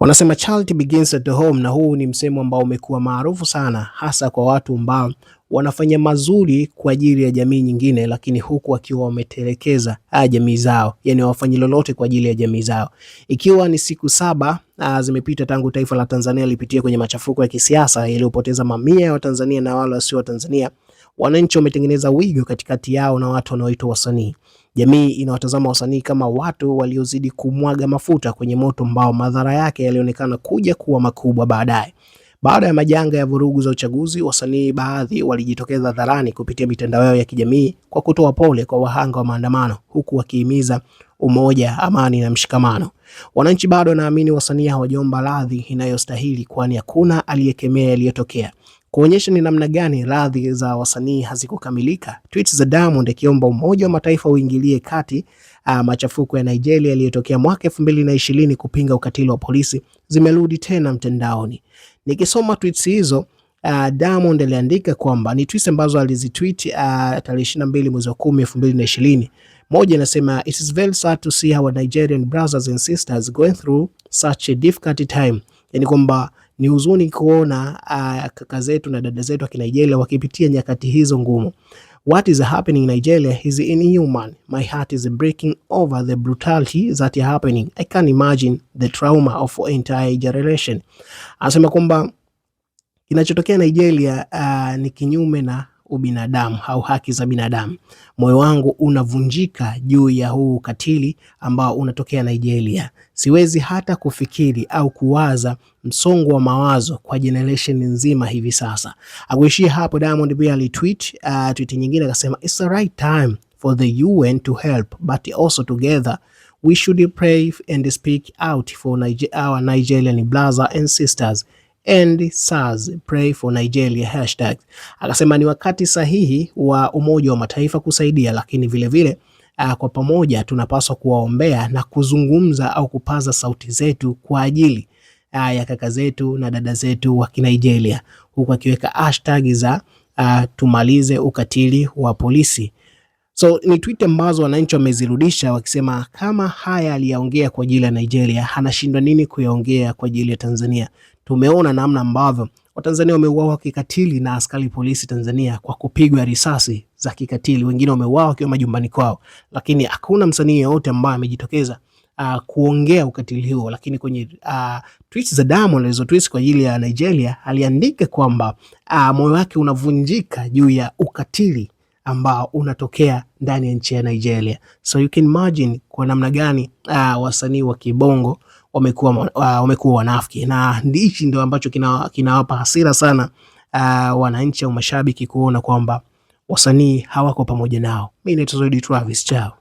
Wanasema charity begins at home, na huu ni msemo ambao umekuwa maarufu sana, hasa kwa watu ambao wanafanya mazuri kwa ajili ya jamii nyingine, lakini huku wakiwa wametelekeza ah, jamii zao, yani hawafanyi lolote kwa ajili ya jamii zao. Ikiwa ni siku saba ah, zimepita tangu taifa la Tanzania lipitia kwenye machafuko ya kisiasa yaliyopoteza mamia ya Watanzania na wale wasio Watanzania Wananchi wametengeneza wigo katikati yao na watu wanaoitwa wasanii. Jamii inawatazama wasanii kama watu waliozidi kumwaga mafuta kwenye moto ambao madhara yake yalionekana kuja kuwa makubwa baadaye. Baada ya majanga ya vurugu za uchaguzi, wasanii baadhi walijitokeza hadharani kupitia mitandao yao ya kijamii kwa kutoa pole kwa wahanga wa maandamano, huku wakihimiza umoja, amani na mshikamano. Wananchi bado wanaamini wasanii hawajaomba radhi inayostahili, kwani hakuna aliyekemea yaliyotokea kuonyesha ni namna gani radhi za wasanii hazikukamilika. Tweets za Diamond akiomba Umoja wa Mataifa uingilie kati uh, machafuko ya Nigeria yaliyotokea mwaka 2020 kupinga ukatili wa polisi zimerudi tena mtandaoni. Nikisoma tweets hizo Uh, Diamond aliandika kwamba ni tweets ambazo alizitweet uh, tarehe 22 mwezi wa 10 2020. Moja inasema it is very sad to see our Nigerian brothers and sisters going through such a difficult time, yani kwamba ni huzuni kuona uh, kaka zetu na dada zetu wa Kinigeria wakipitia nyakati hizo ngumu. What is happening in Nigeria is inhuman. My heart is breaking over the brutality that is happening. I can't imagine the trauma of entire generation. Anasema kwamba kinachotokea Nigeria uh, ni kinyume na ubinadamu au haki za binadamu. Moyo wangu unavunjika juu ya huu ukatili ambao unatokea Nigeria. Siwezi hata kufikiri au kuwaza msongo wa mawazo kwa generation nzima hivi sasa. Akuishia hapo, Diamond pia alitweet uh, tweet nyingine akasema it's the right time for the UN to help but also together we should pray and speak out for Niger our Nigerian brothers and sisters End SARS, pray for Nigeria hashtag. Akasema ni wakati sahihi wa Umoja wa Mataifa kusaidia, lakini vilevile vile, ah, kwa pamoja tunapaswa kuwaombea na kuzungumza au kupaza sauti zetu kwa ajili ah, ya kaka zetu na dada zetu wa Kinigeria, huku akiweka hashtag za uh, tumalize ukatili wa polisi. So ni tweet ambazo wananchi wamezirudisha wakisema, kama haya aliyaongea kwa ajili ya Nigeria, anashindwa nini kuyaongea kwa ajili ya Tanzania? tumeona namna ambavyo Watanzania wameuawa kikatili na askari polisi Tanzania kwa kupigwa risasi za kikatili, wengine wameuawa wakiwa majumbani kwao, lakini hakuna msanii yeyote ambaye amejitokeza Uh, kuongea ukatili huo, lakini kwenye uh, tweets za Diamond alizotweet kwa ajili ya Nigeria aliandika kwamba uh, moyo wake unavunjika juu ya ukatili ambao unatokea ndani ya nchi ya Nigeria. So you can imagine kwa namna gani uh, wasanii wa kibongo wamekuwa uh, wamekuwa wanafiki, na hichi ndio ambacho kinawapa kina hasira sana uh, wananchi au mashabiki kuona kwamba wasanii hawako pamoja nao. Mimi naitwa Travis, chao.